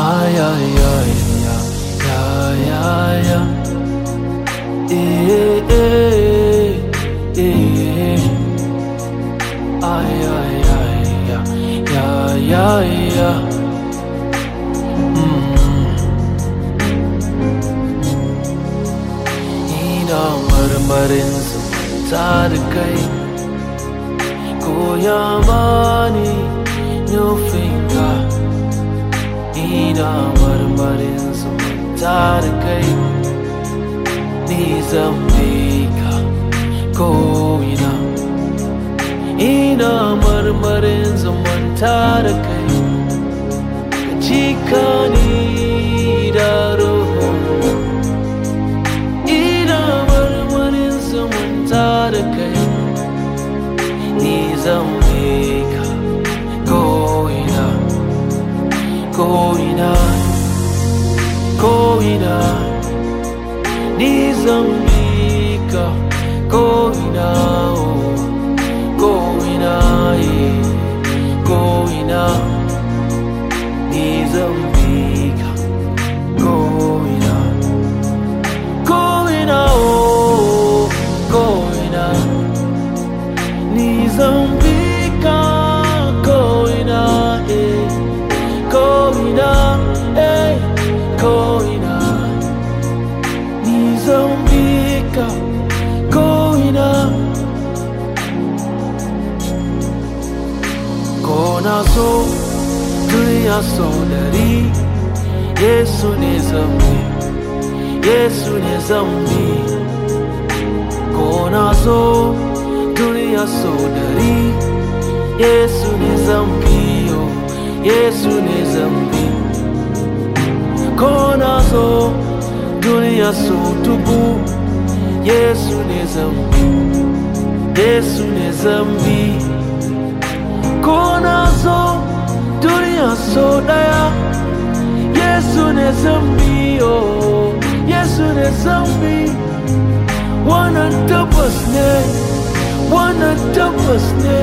あややややややええええあやややややや İnan marmarinsu tarikai Koyamani nyofinga Nida barbarin su tar kai ni zabbika ko ina ina marmarin zaman tar kai ka ina nizambika koina oh, koina yeah, koina nizambika koina koina oh, koina nizambika so dunia saudari yesu ne zambi yesu ne zambi kona so dunia saudari yesu ne zambi yo yesu ne zambi kona so dunia sautubu yesu ne zambi yesu ne zambi kona so dunia so daya yesu ne zambi o yesu ne zambi wana tabasne wana tabasne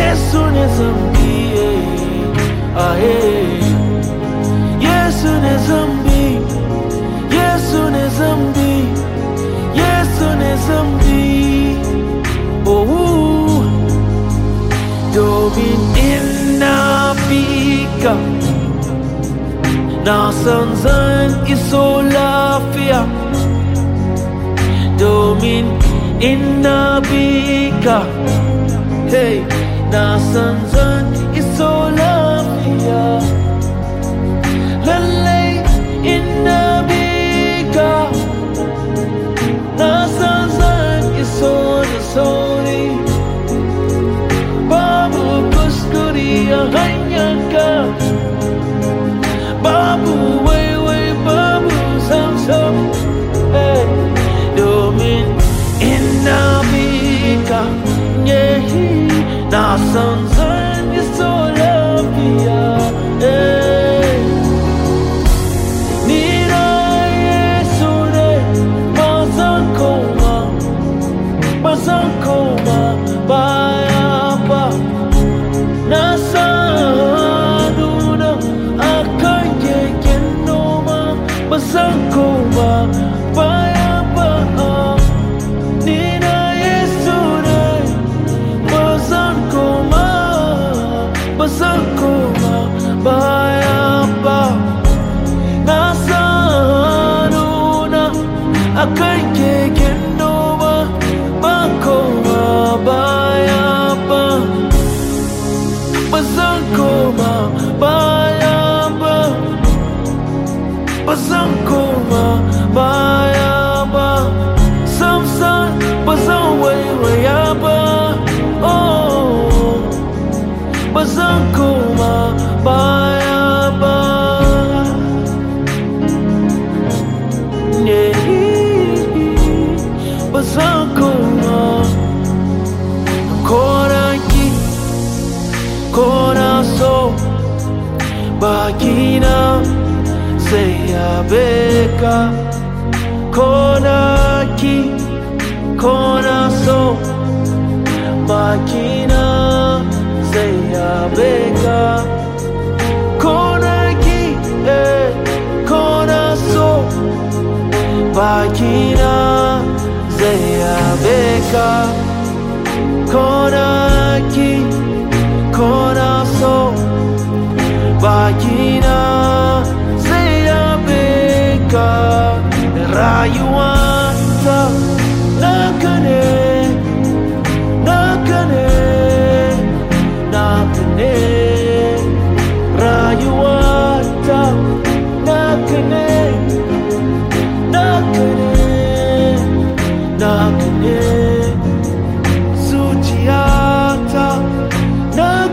yesu ne zambi ah yesu ne zambi yesu ne zambi yesu ne zambi oh, oh. Domingo Nasaan zijn isola Olafia Domin in bika. Hey, nasaan zijn isola. Olafia blossoms Sakina, say Abeka, Kona ki, Kona so, Makina, say Kona ki, eh, Kona so, Makina, say Abeka.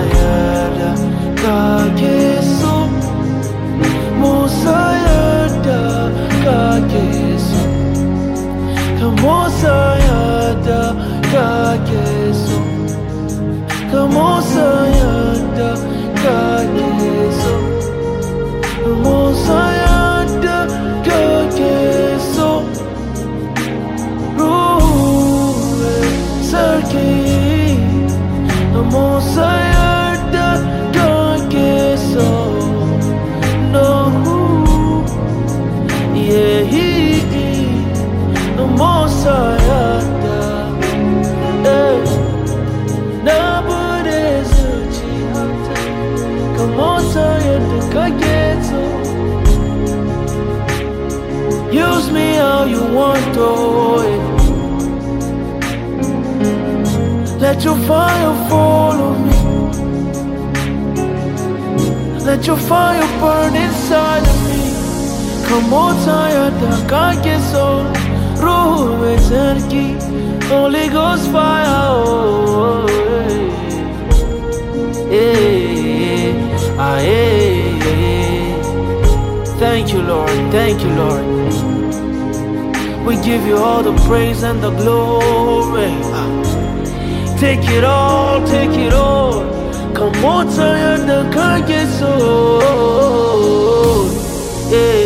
musayada kakesu musayada kakesu kamusayada kakesu kamusayada you want, oh. Let your fire follow me. Let your fire burn inside of me. Come on, tired, I get so. Ruhu ve terki, Holy Ghost fire. Oh, hey. Hey, hey, hey. Thank you, Lord. Thank you, Lord. We give you all the praise and the glory. Take it all, take it all. Come on, turn the car gets Yeah.